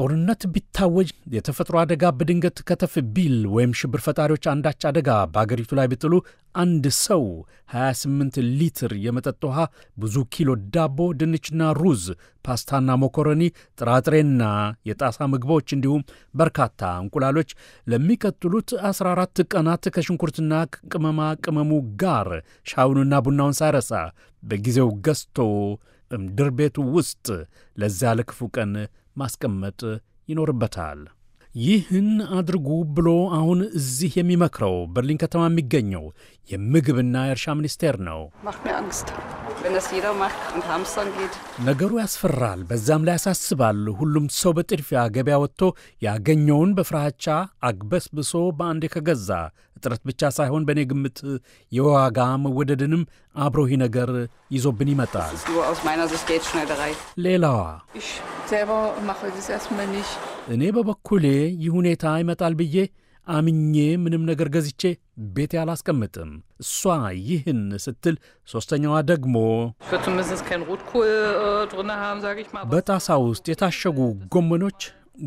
ጦርነት ቢታወጅ የተፈጥሮ አደጋ በድንገት ከተፍ ቢል ወይም ሽብር ፈጣሪዎች አንዳች አደጋ በአገሪቱ ላይ ቢጥሉ አንድ ሰው 28 ሊትር የመጠጥ ውሃ፣ ብዙ ኪሎ ዳቦ፣ ድንችና ሩዝ፣ ፓስታና ሞኮረኒ፣ ጥራጥሬና የጣሳ ምግቦች እንዲሁም በርካታ እንቁላሎች ለሚቀጥሉት 14 ቀናት ከሽንኩርትና ቅመማ ቅመሙ ጋር ሻውንና ቡናውን ሳይረሳ በጊዜው ገዝቶ እምድር ቤቱ ውስጥ ለዚያ ለክፉ ቀን ማስቀመጥ ይኖርበታል። ይህን አድርጉ ብሎ አሁን እዚህ የሚመክረው በርሊን ከተማ የሚገኘው የምግብና የእርሻ ሚኒስቴር ነው። wenn das jeder macht und hamstern geht. ነገሩ ያስፈራል፣ በዛም ላይ ያሳስባል። ሁሉም ሰው በጥድፊያ ገበያ ወጥቶ ያገኘውን በፍራቻ አግበስብሶ በአንዴ ከገዛ እጥረት ብቻ ሳይሆን በእኔ ግምት የዋጋ መወደድንም አብሮ ይህ ነገር ይዞብን ይመጣል። ሌላዋ እኔ በበኩሌ ይህ ሁኔታ ይመጣል ብዬ አምኜ ምንም ነገር ገዝቼ ቤቴ አላስቀምጥም። እሷ ይህን ስትል፣ ሦስተኛዋ ደግሞ äh, በጣሳ ውስጥ የታሸጉ ጎመኖች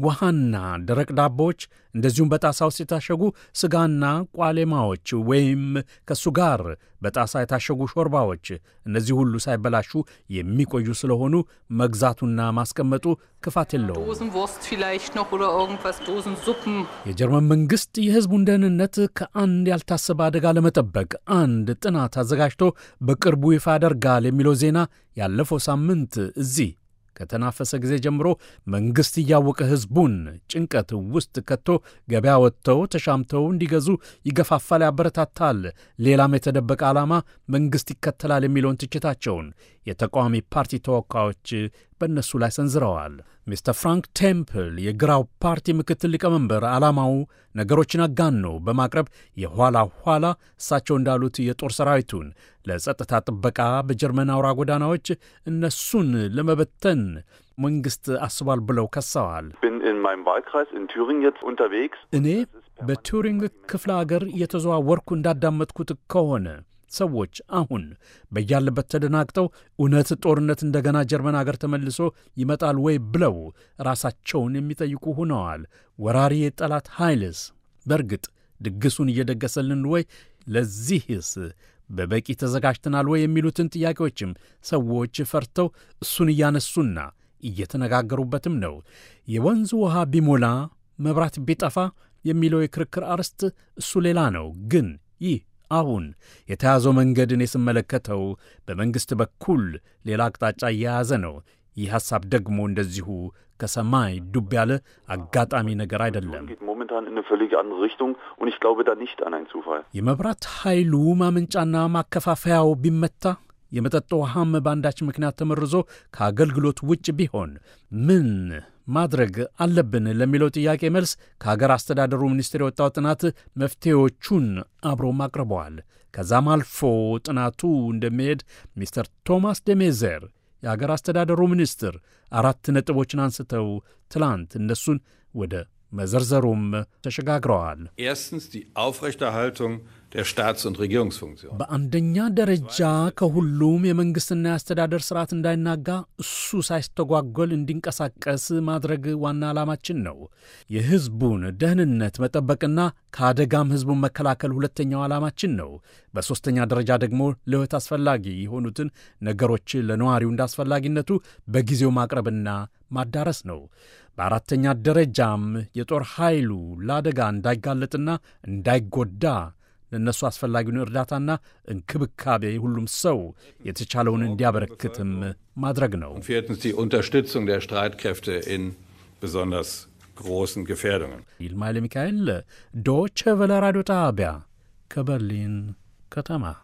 ውሃና ደረቅ ዳቦዎች እንደዚሁም በጣሳ ውስጥ የታሸጉ ሥጋና ቋሌማዎች ወይም ከእሱ ጋር በጣሳ የታሸጉ ሾርባዎች እነዚህ ሁሉ ሳይበላሹ የሚቆዩ ስለሆኑ መግዛቱና ማስቀመጡ ክፋት የለውም። የጀርመን መንግሥት የሕዝቡን ደህንነት ከአንድ ያልታሰበ አደጋ ለመጠበቅ አንድ ጥናት አዘጋጅቶ በቅርቡ ይፋ ያደርጋል የሚለው ዜና ያለፈው ሳምንት እዚህ ከተናፈሰ ጊዜ ጀምሮ መንግሥት እያወቀ ሕዝቡን ጭንቀት ውስጥ ከቶ ገበያ ወጥተው ተሻምተው እንዲገዙ ይገፋፋል፣ ያበረታታል። ሌላም የተደበቀ ዓላማ መንግሥት ይከተላል የሚለውን ትችታቸውን የተቃዋሚ ፓርቲ ተወካዮች በእነሱ ላይ ሰንዝረዋል። ሚስተር ፍራንክ ቴምፕል የግራው ፓርቲ ምክትል ሊቀመንበር ዓላማው ነገሮችን አጋኖ በማቅረብ የኋላ ኋላ እሳቸው እንዳሉት የጦር ሰራዊቱን ለጸጥታ ጥበቃ በጀርመን አውራ ጎዳናዎች እነሱን ለመበተን መንግሥት አስቧል ብለው ከሰዋል። እኔ በቱሪንግ ክፍለ አገር እየተዘዋወርኩ እንዳዳመጥኩት ከሆነ ሰዎች አሁን በያለበት ተደናግጠው እውነት ጦርነት እንደገና ጀርመን አገር ተመልሶ ይመጣል ወይ ብለው ራሳቸውን የሚጠይቁ ሆነዋል። ወራሪ የጠላት ኃይልስ በእርግጥ ድግሱን እየደገሰልን ወይ? ለዚህስ በበቂ ተዘጋጅተናል ወይ? የሚሉትን ጥያቄዎችም ሰዎች ፈርተው እሱን እያነሱና እየተነጋገሩበትም ነው። የወንዝ ውሃ ቢሞላ መብራት ቢጠፋ የሚለው የክርክር አርዕስት እሱ ሌላ ነው። ግን ይህ አሁን የተያዘው መንገድን የስመለከተው በመንግሥት በኩል ሌላ አቅጣጫ እየያዘ ነው። ይህ ሐሳብ ደግሞ እንደዚሁ ከሰማይ ዱብ ያለ አጋጣሚ ነገር አይደለም። የመብራት ኃይሉ ማመንጫና ማከፋፈያው ቢመታ የመጠጥ ውሃም በአንዳች ምክንያት ተመርዞ ከአገልግሎት ውጭ ቢሆን ምን ማድረግ አለብን ለሚለው ጥያቄ መልስ ከሀገር አስተዳደሩ ሚኒስቴር የወጣው ጥናት መፍትሄዎቹን አብሮም አቅርበዋል። ከዛም አልፎ ጥናቱ እንደሚሄድ ሚስተር ቶማስ ደሜዘር የአገር አስተዳደሩ ሚኒስትር አራት ነጥቦችን አንስተው ትላንት እነሱን ወደ መዘርዘሩም ተሸጋግረዋል። ኤርስትens die Aufrechterhaltung በአንደኛ ደረጃ ከሁሉም የመንግሥትና የአስተዳደር ስርዓት እንዳይናጋ እሱ ሳይስተጓጎል እንዲንቀሳቀስ ማድረግ ዋና ዓላማችን ነው። የሕዝቡን ደህንነት መጠበቅና ከአደጋም ሕዝቡን መከላከል ሁለተኛው ዓላማችን ነው። በሦስተኛ ደረጃ ደግሞ ለሕይወት አስፈላጊ የሆኑትን ነገሮች ለነዋሪው እንዳስፈላጊነቱ በጊዜው ማቅረብና ማዳረስ ነው። በአራተኛ ደረጃም የጦር ኃይሉ ለአደጋ እንዳይጋለጥና እንዳይጎዳ ለእነሱ አስፈላጊውን እርዳታና እንክብካቤ ሁሉም ሰው የተቻለውን እንዲያበረክትም ማድረግ ነው። ይልማ ኃይለሚካኤል ዶቼ ቬለ ራዲዮ ጣቢያ ከበርሊን ከተማ